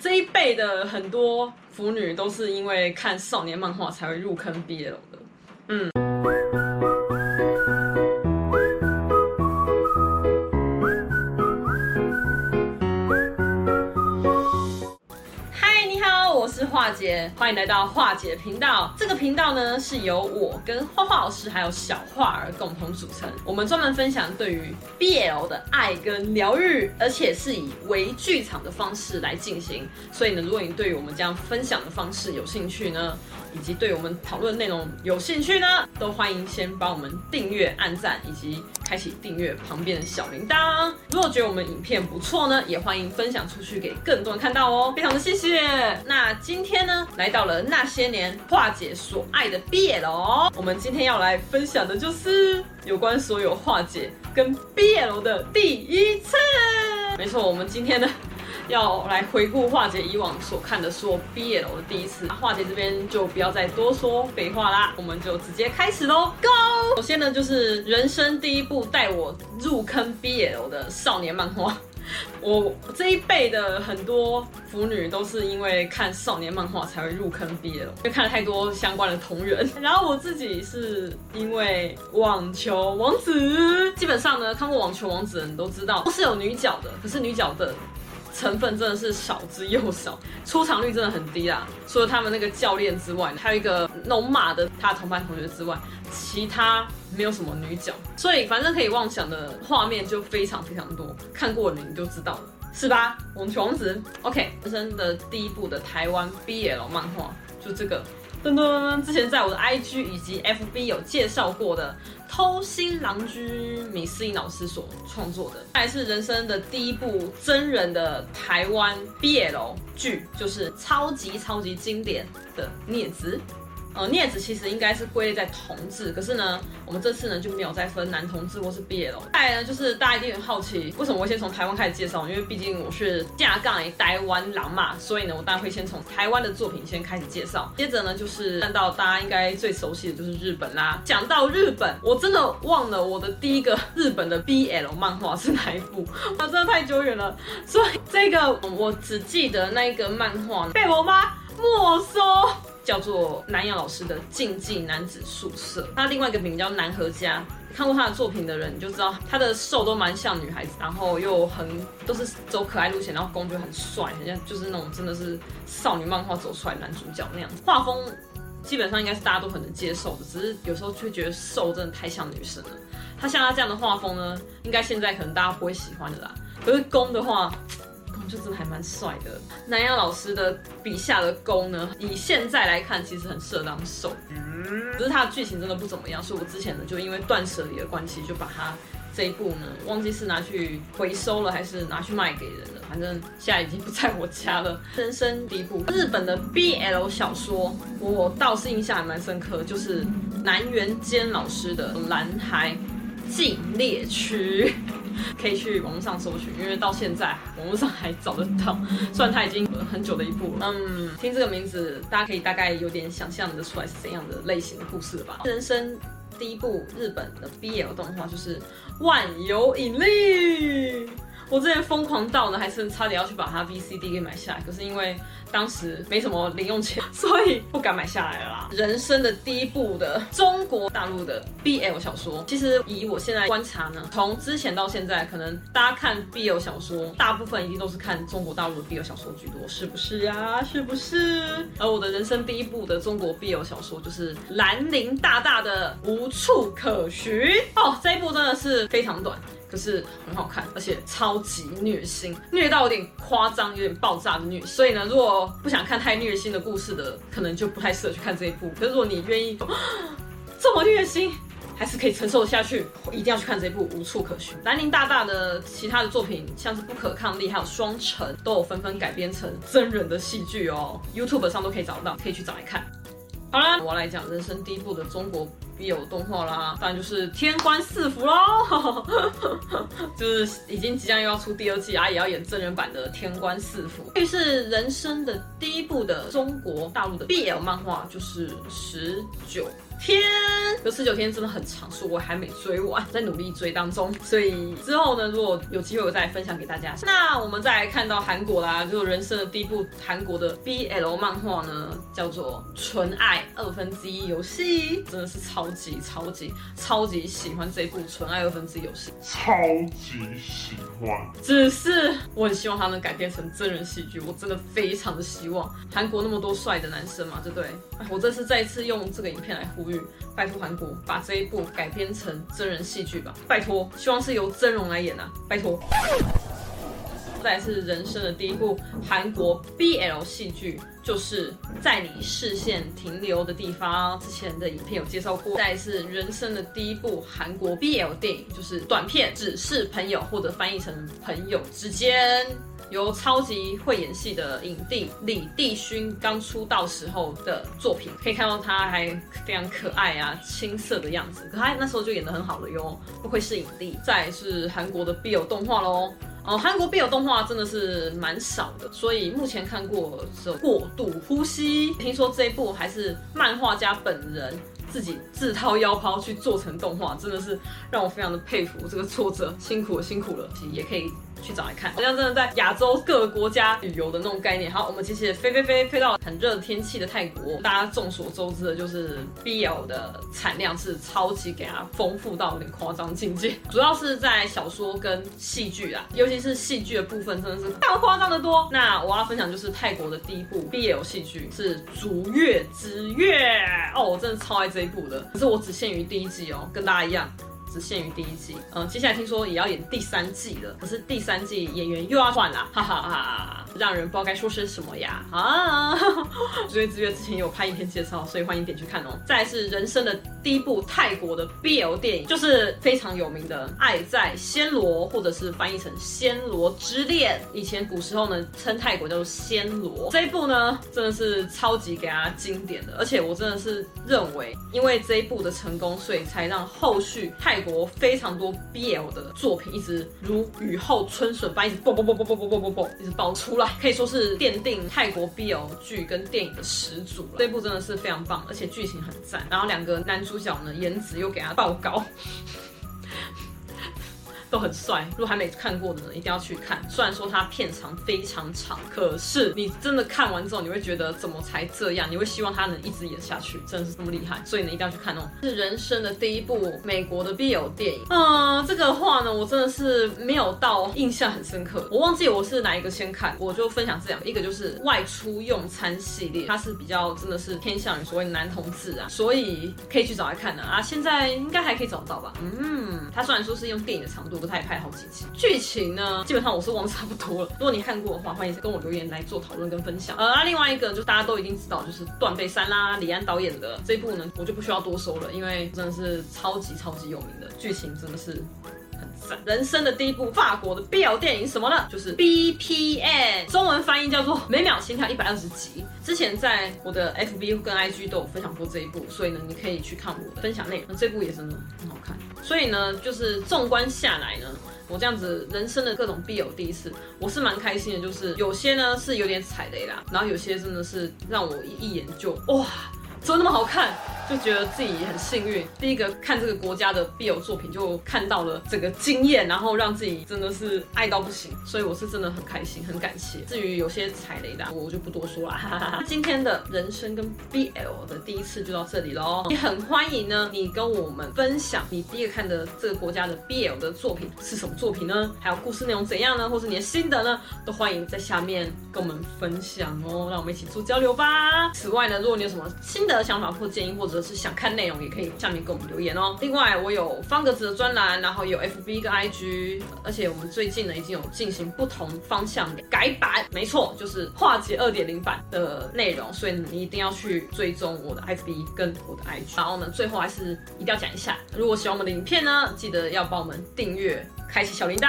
這一輩的很多腐女都是因為看少年漫畫才會入坑 BL 的，嗯。樺姐，歡迎來到樺姐頻道。這個頻道呢，是由我跟花花老師還有小樺兒共同組成。我們專門分享對於 BL 的愛跟療癒，而且是以微劇場的方式來進行。所以呢，如果您對於我們這樣分享的方式有興趣呢，以及對我們討論內容有興趣呢，都歡迎先幫我們訂閱、按贊以及開啟訂閱旁邊的小鈴鐺。如果覺得我們影片不錯呢，也歡迎分享出去給更多人看到哦，非常的謝謝。那今天呢，來到了那些年樺姐所愛的 BL，我們今天要來分享的就是有關所有樺姐跟 BL 的第一次。沒錯，我們今天呢……要來回顧樺姐以往所看的說 BL 的第一次，啊、樺姐這邊就不要再多說廢話啦，我們就直接開始嘍，Go！首先呢，就是人生第一部帶我入坑 BL 的少年漫畫，我這一輩的很多腐女都是因為看少年漫畫才會入坑 BL，因為看了太多相關的同人，然後我自己是因為網球王子，基本上呢，看過網球王子的人都知道，都是有女角的，可是女角的。成分真的是少之又少，出場率真的很低啦！除了他們那個教練之外，還有一個龍馬的他同班同學之外，其他沒有什麼女角，所以反正可以妄想的畫面就非常非常多，看過的你就知道了，是吧？我們網球王子，OK，人生的第一部的台灣 BL 漫畫就這個，噔噔，之前在我的 IG 以及 FB 有介紹過的。偷心郎君米思穎老師所創作的，還是人生的第一部真人的台灣 BL 劇，就是超級超級經典的《孽子》。呃，孽子其實應該是歸類在同志，可是呢，我們這次呢就沒有再分男同志或是 BL。再來呢，就是大家一定很好奇，為什麼我先從台灣開始介紹？因為畢竟我是架槓台灣人嘛，所以呢，我當然會先從台灣的作品先開始介紹。接着呢，就是看到大家應該最熟悉的就是日本啦。講到日本，我真的忘了我的第一個日本的 BL 漫畫是哪一部，那真的太久遠了。所以這個我只記得那一個漫畫被我媽沒收。叫做南野老師的競技男子宿舍，他另外一個名叫南河家。看過他的作品的人，你就知道，他的瘦都蠻像女孩子，然後又很都是走可愛路線，然後攻就很帥，很像就是那種真的是少女漫畫走出來男主角那樣子。畫風基本上應該是大家都很能接受的，只是有時候就會覺得瘦真的太像女生了。他像他這樣的畫風呢，應該現在可能大家不會喜歡的啦。可是攻的話。就真的還蠻帥的，南陽老師的筆下的攻呢，以現在來看，其實很適當受。不是他的劇情真的不怎麼樣，所以我之前呢，就因為斷舍離的關係，就把他這一部呢，忘記是拿去回收了，還是拿去賣給人了，反正現在已經不在我家了。人生第一部日本的 BL 小說，我倒是印象還蠻深刻，就是南原兼老師的《男孩》。禁獵區， 可以去網絡上搜尋，因為到現在網絡上還找得到。雖然它已經很久的一部了，嗯，聽這個名字，大家可以大概有點想象得出來是怎樣的類型的故事了吧？人生第一部日本的 BL 動畫就是《萬有引力》。我之前瘋狂到呢，還是差點要去把它 VCD 給買下來，可是因為當時沒什麼零用錢，所以不敢買下來了啦。人生的第一部的中國大陸的 BL 小說，其實以我現在觀察呢，從之前到現在，可能大家看 BL 小說，大部分一定都是看中國大陸的 BL 小說居多，是不是啊？是不是？而我的人生第一部的中國 BL 小說，就是藍淋大大的無處可尋哦，這一部真的是非常短。是很好看，而且超級虐心，虐到有點誇張，有點爆炸的虐。所以呢，如果不想看太虐心的故事的，可能就不太適合去看這一部。可是如果你願意，這麼虐心，還是可以承受下去，一定要去看這一部《無處可尋》。蘭陵大大的其他的作品，像是《不可抗力》還有《雙城》，都有紛紛改編成真人的戲劇哦，YouTube 上都可以找得到，可以去找來看。好啦，我來講人生第一部的中國 BL 動畫啦，當然就是《天官賜福》嘍， 就是已經即將又要出第二季啊，也要演真人版的《天官賜福》，於是人生的第一部的中國大陸的 BL 漫畫，就是十九。天，有十九天真的很長，所以我還沒追完，啊，在努力追當中。所以之後呢，如果有機會，我再來分享給大家。那我們再來看到韓國啦，就人生的第一部韓國的 BL 漫畫呢，叫做《純愛二分之一遊戲》，真的是超級超級超級喜歡這一部《純愛二分之一遊戲》，超級喜歡。只是我很希望它能改編成真人戲劇，我真的非常的希望。韓國那麼多帥的男生嘛，對不對？我這次再次用這個影片來呼。拜託韓國把這一部改編成真人戲劇吧！拜託，希望是由真人來演吶、啊！拜託。再來是人生的第一部韓國 BL 戲劇，就是在你視線停留的地方。之前的影片有介紹過。再來是人生的第一部韓國 BL 電影，就是短片《只是朋友》，或者翻譯成“朋友之間”。有超級會演戲的影帝李帝勳剛出道時候的作品，可以看到他還非常可愛啊，青澀的樣子。可他那時候就演得很好了喲，不愧是影帝。再來是韓國的 BL 動畫嘍，哦，韓國 BL 動畫真的是蠻少的，所以目前看過只有《過度呼吸》，聽說這一部還是漫畫家本人。自己自掏腰包去做成動畫，真的是讓我非常的佩服這個作者，辛苦了，辛苦了，其實也可以去找來看。好、哦、像真的在亞洲各個國家旅遊的那種概念。好，我們其實也飛，飛，飛飛飛飛到很熱的天氣的泰國。大家眾所周知的就是 BL 的產量是超級給它豐富到有點誇張境界，主要是在小說跟戲劇啦，尤其是戲劇的部分，真的是更誇張的多。那我要分享就是泰國的第一部 BL 戲劇是《逐月之月》哦，我真的超愛這一補的，可是我只限於第一季哦，跟大家一樣。限於第一季，嗯，接下來聽說也要演第三季了，可是第三季演員又要換啦，哈，哈哈哈，讓人不知道該說些什麼呀啊，啊，啊，啊！ 所以之約之前有拍影片介紹，所以歡迎點去看哦。再來是人生的第一部泰國的 BL 電影，就是非常有名的《愛在暹羅》，或者是翻譯成《暹羅之戀》。以前古時候呢，稱泰國叫做暹羅。這一部呢，真的是超級給大家經典的，而且我真的是認為，因為這一部的成功，所以才讓後續泰。國非常多 BL 的作品，一直如雨後春筍般，一直嘣嘣嘣嘣嘣嘣嘣嘣，一直爆出來，可以說是奠定泰國 BL 劇跟電影的始祖了。這部真的是非常棒，而且劇情很讚，然後兩個男主角呢，顏值又給他爆高。 都很帥，如果還沒看過的呢，一定要去看。雖然說它片長非常長，可是你真的看完之後，你會覺得怎麼才這樣？你會希望他能一直演下去，真的是這麼厲害，所以呢，一定要去看哦，是人生的第一部美國的 BL 電影。嗯、呃、這個話呢，我真的是沒有到印象很深刻，我忘記我是哪一個先看，我就分享這兩個，一個就是外出用餐系列，它是比較真的是偏向於所謂男同志啊，所以可以去找來看的啊。現在應該還可以找得到吧？嗯，它雖然說是用電影的長度。我不太拍好幾集。劇情呢，基本上我是忘差不多了。如果你看過的話，歡迎跟我留言來做討論跟分享。呃、啊，那另外一個就大家都已經知道，就是《斷背山》啦，李安導演的這一部呢，我就不需要多說了，因為真的是超級超級有名的，劇情真的是很贊。人生的第一部法國的 BL 電影什麼呢？就是 B P M，中文翻譯叫做每秒心跳一百二十集。之前在我的 F B 跟 I G 都有分享過這一部，所以呢，你可以去看我的分享內容，那這部也真的很好看。所以呢，就是縱觀下來呢，我這樣子人生的各種 BL 的第一次，我是蠻開心的。就是有些呢是有點踩雷啦，然後有些真的是讓我一一眼就哇，怎麼那麼好看？就覺得自己很幸運，第一個看這個國家的 BL 作品就看到了整個驚豔，然後讓自己真的是愛到不行，所以我是真的很開心很感謝。至於有些踩雷的，我就不多說了哈哈哈哈。今天的人生跟 BL 的第一次就到這裡嘍，你很歡迎呢？你跟我們分享你第一個看的這個國家的 BL 的作品是什麼作品呢？還有故事內容怎樣呢？或是你的心得呢？都歡迎在下面跟我們分享哦，讓我們一起做交流吧。此外呢，如果你有什麼心得的想法或建議或者或者是想看內容也可以下面給我們留言哦。另外我有方格子的專欄，然後有 FB 跟 IG，而且我們最近呢已經有進行不同方向的改版，沒錯，就是樺姐二點零版的內容，所以你一定要去追蹤我的 FB 跟我的 IG。然後呢，最後還是一定要講一下，如果喜歡我們的影片呢，記得要幫我們訂閱、開啟小鈴鐺，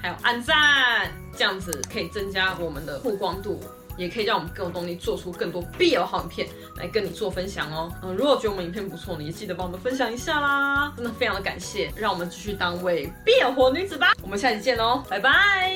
還有按讚，這樣子可以增加我們的曝光度。也可以讓我們更有動力做出更多 BL 好影片，來跟你做分享哦。嗯，如果覺得我們影片不錯，你也記得幫我們分享一下啦，真的非常的感謝。讓我們繼續當一位為 BL 活女子吧，我們下期見嘍，拜拜。